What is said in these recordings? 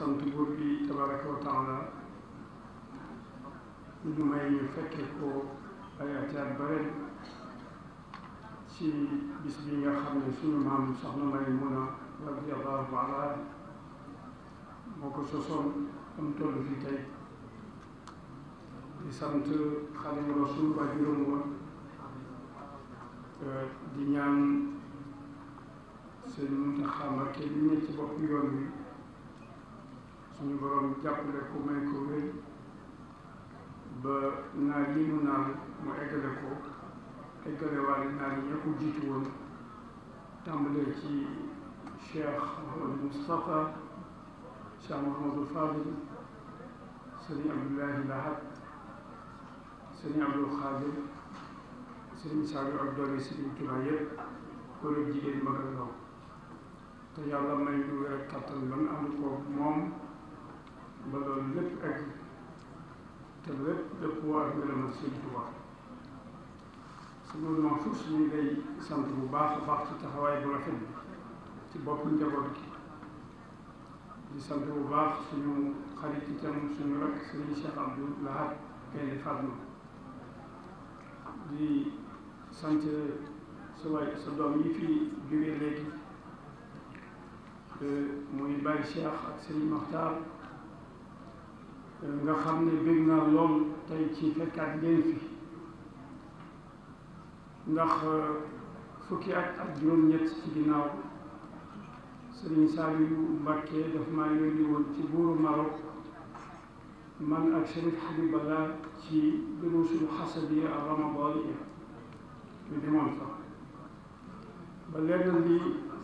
sant buur bi tabaraka wa taala lu ñu may fekke ko ay ati at ci bis nga xam ne suñu maam soxna Maymuna radiyallahu anha moo ko sosoon am toll fi tey di sant Xaadimu Rasuul ba juróom wa eh, di ñaan seen Muntaxa Mbakke li ne ci bopp yoon wi suñu borom jàppale ko may ko wér ba naaj yi mu naan mu eggale ko eggale waale naaj yi ko jiitu woon tàmbalee ci Cheikh Mouhamadou Moustapha Cheikh Mouhamadou Fadil sëriñ Abdoulahi Lahat sëriñ Abdou Khadir sëriñ Saliou ak doomi sëriñ Tuubaa yëpp góor ak jigéen may ñu wér ak kattan ba ko moom te lépp dëppoo ak ngërëmal Sëñ Tuubaa suñu moom suuf si ñu ngay sant bu baax baax ci taxawaay bu rafet ci bopp njaboot gi di sant bu baax suñu xarit itam suñu rakk Sëriñ Cheikh Abdou Lahad Gaynde Fatma di sant sa waay sa doom yi fi jógee léegi muy Baye Cheikh ak Sëriñ nga xam ne bég na lool tey ci fekkaat leen fi ndax euh, fukki at ak juróom-ñett ci ginnaaw Serigne Saliou Mbacké daf maa yónni woon ci buuru Maroc man ak Chérif Habiballah ci duruusul xasabiya ak ramadaaniya ñu demoon fa ba lenn li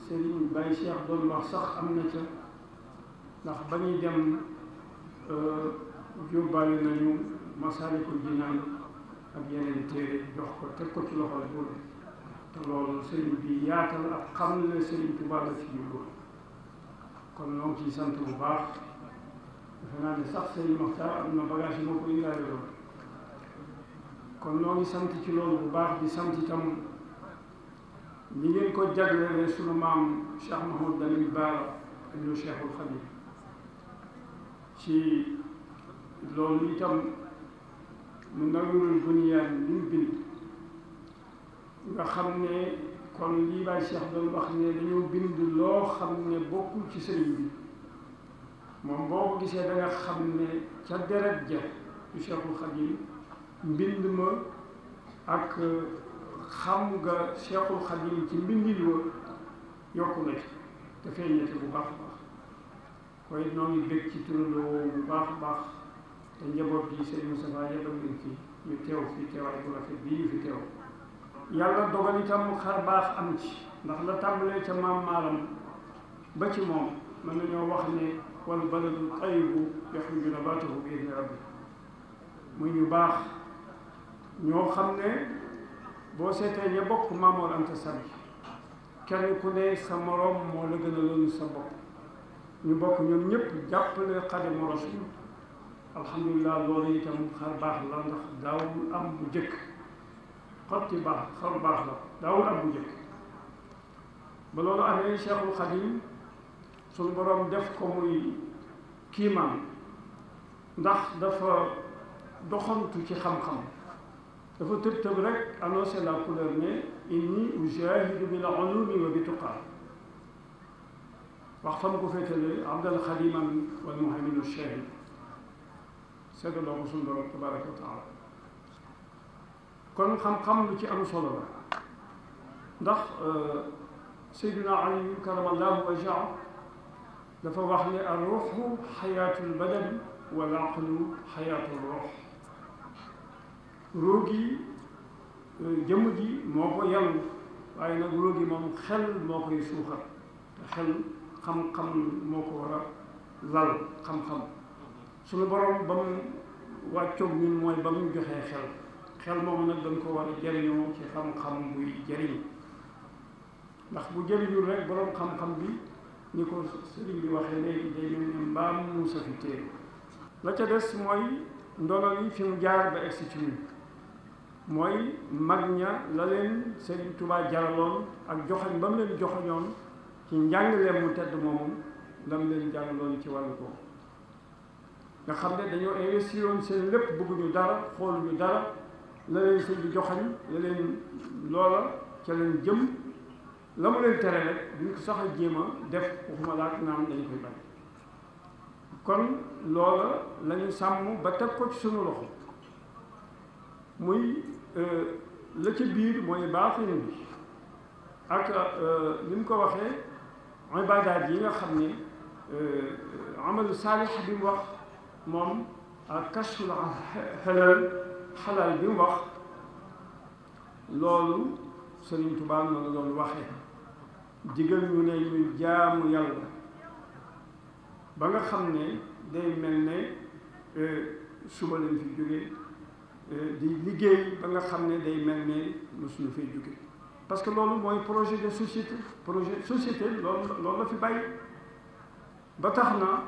Serigne Baye Cheikh doon sax am na ca ndax ba dem euh, yóbbaale nañu Masaalikul Jinaan ak yeneen téere jox ko teg ko ci loxol buur te loolu sëriñ bi yaatal ak xam ne sëriñ Tuubaa la fi yóbbu kon ñoo ngi sant bu baax naa sax sëriñ Maxtaar am na bagage yi moo ko indaale sant ci loolu bu baax bi sant itam ñi ngeen ko jaglelee sunu maam Cheikh Mahmoud Dalil Baara ak ñu Cheikhul Khadim ci. loolu itam mu nawirul bunyaan li mu bind nga xam ne kon lii baay Cheikh doon wax ne dañoo bind loo xam ne bokkul ci sëriñ bi moom boo ko gisee danga xam ne ca deret ja du Cheikhul Khadim mbind ma ak xam nga Cheikhul Khadim ci mbindil wa yokku na ci te feeñate bu baax baax koy noonu bëgg ci turandoo bu baax baax te njaboot yi Serigne Moustapha yebal nañ fi ñu teew fi teewaay bu rafet bii ñu fi teew yàlla dogal itam xar baax am ci ndax la tàmbalee ca maam maalam ba ci moom mën nañoo wax ne wal baladu tayyibu yaxruju nabaatuhu bi muy ñu baax ñoo xam ne boo seetee ña bokk Maamoor Anta Sall kenn ku ne sa moroom moo la gën a loolu sa bopp ñu bokk ñoom ñëpp jàppale Xaadimu Rasuul alhamdulilah loolu mu xar baax la ndax daawul am bu jëkk xotti baax xar baax la daawul am bu jëkk borom def ko muy kiimaan ndax dafa doxantu ci xam-xam dafa tëb la couleur inni ujahidu bil ulumi wa bi tuqaa wax fa mu ko féetale abdal xadiman wal muhayminu seddaloo ko suñu borom tabaraka wa taala kon xam-xam lu ci am solo la ndax euh, Seydina Ali karamallahu wajhahu dafa wax ne al ruuxu xayaatul badan wal aqlu xayaatul ruux ruux gi euh, jëmm ji moo ko yàllu waaye nag ruux gi moom xel moo koy suuxal te xel xam-xam moo ko war a lal xam-xam suñu borom ba mu wàccoog ñun mooy ba mu joxee xel xel moom nag dañ ko war a jëriñoo ci xam-xam buy jëriñ ndax bu jëriñul rek boroom xam-xam bi ni ko sëriñ bi waxee léegi ne mbaam mu safi téer la ca des mooy ndono yi fi mu jaar ba egsi ci ñun mooy mag ña la leen Sëriñ Tuubaa jaraloon ak joxañ ba mu leen joxañoon ci njàngaleem mu tedd moomu la mu leen jàngaloon ci wàllu ko nga xam ne dañoo investiroon seen lépp bëgguñu dara xooluñu dara la leen sëñ bi joxañ la leen loola ca leen jëm la mu leen tere rek duñ ko sax a jéem a def waxuma laak naam dañ koy bañ kon loola la sàmm ba teg ko ci suñu loxo muy euh, la ci biir mooy baaxin bi ak li euh, mu ko waxee ibaadaat yi nga xam ne euh, amalu saalix bi mu wax moom ah, kashful xelal xalaal bi mu wax loolu Sëriñ Tuubaa na la doon waxee digal ñu ne ñu jaamu yàlla ba nga xam ne day mel ne euh, suba fi jóge euh, di liggéey ba nga xam ne day mel ne mosuñu fay jóge parce que loolu mooy projet de société loolu la fi bàyyi ba tax na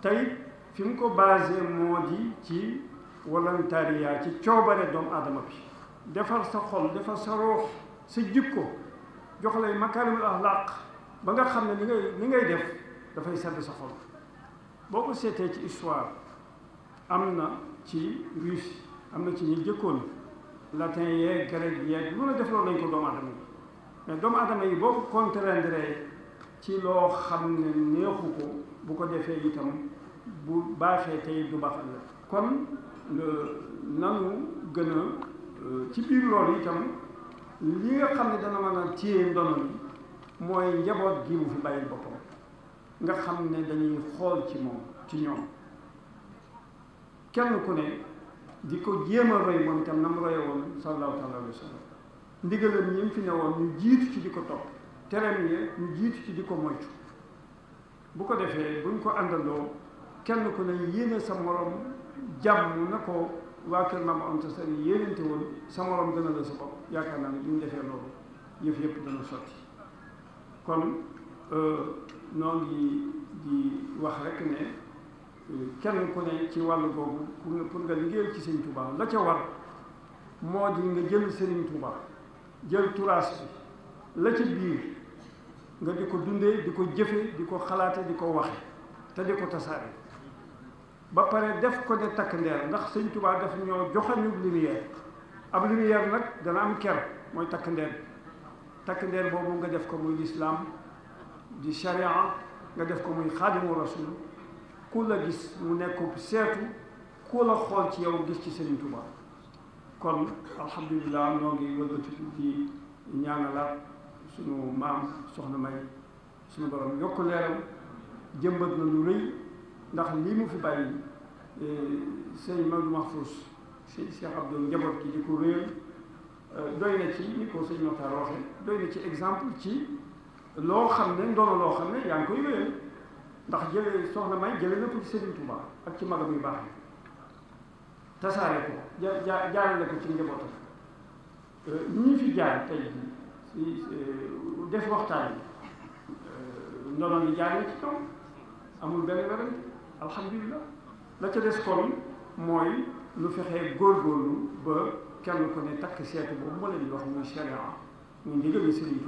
tey fi mu ko basé moo di ci volontariat ci coobare doomu aadama bi defar sa xol defar sa roox sa jikko jox lay makaarimul axlaaq ba nga xam ne li ngay li ngay def dafay sedd sa xol boo ko seetee ci histoire am na ci russe am na ci ñi jëkkoon latin yeeg grec yeeg lu ne defloo nañ ko doomu aadama yi mais doomu aadama yi boo ko contraindre ci loo xam ne neexu ko bu ko defee itam bu baaxee tey du baax ëllëg kon nanu gën a euh, ci biir loolu itam li nga xam ne dana mën a téye ndono bi mooy njaboot gi mu fi bàyyil boppam nga xam ne dañuy xool ci moom ci ñoom kenn ku ne di ko jéem a roy moom itam na mu roye woon sallallahu alayhi wa sallam ndigalam ñi mu fi ne woon ñu jiitu ci di ko topp tereem yi ñu jiitu ci di ko moytu bu ko defee buñ ko àndandoo kenn ko ne yéene sa morom jàmm na ko waa kër maam Anta Sali yéenante woon sa morom gën a la si bopp yaakaar naa ne bu ñu defee loolu yëf yëpp dana sotti kon euh, noo ngi di wax rek ne euh, kenn ku ne ci wàll boobu pour nga pour nga liggéeyal ci sëñ Touba la ca war moo di nga jël sëriñ Touba jël turaas bi la ca biir nga di ko dundee di ko jëfe di ko xalaatee di ko waxe te di ko tasaare ba pare def ko ne takk ndeer ndax sëñ Tuubaa daf ñoo joxañu lumière ab lumière nag dana am ker mooy takk ndeer takk ndeer boobu nga def ko muy lislaam di sharia nga def ko muy xaadimu rasul ku la gis mu nekk seetu ku la xool ci yow gis ci sëriñ Tuubaa kon alhamdulilah noo ngi wëlbatiku di ñaanalaat sunu maam soxna may sunu borom yokk leeram jëmbat na lu rëy ndax lii mu fi bàyyi e, sëñ Maodo Mahfous sëñ Cheikh Abdou njaboot gi di ko réel e, doy na ci ni ko sëñ Mokhtar waxe doy na ci exemple ci loo xam ne ndono loo xam ne yaa ngi koy réel ndax jële soxna may jële na ko ci Sëriñ ak ci magam yu baax yi tasaare ko ja jaarale ko ci njabootam e, ñi fi jaar tey si def waxtaan yi ndono li jaar na ci ñoom amul benn werante alhamdulilah la ca des kon mooy nu fexee góorgóorlu ba kenn ko ne takk seetu boobu ma la ñuy wax muy sharia mu ndigal yi Sëriñ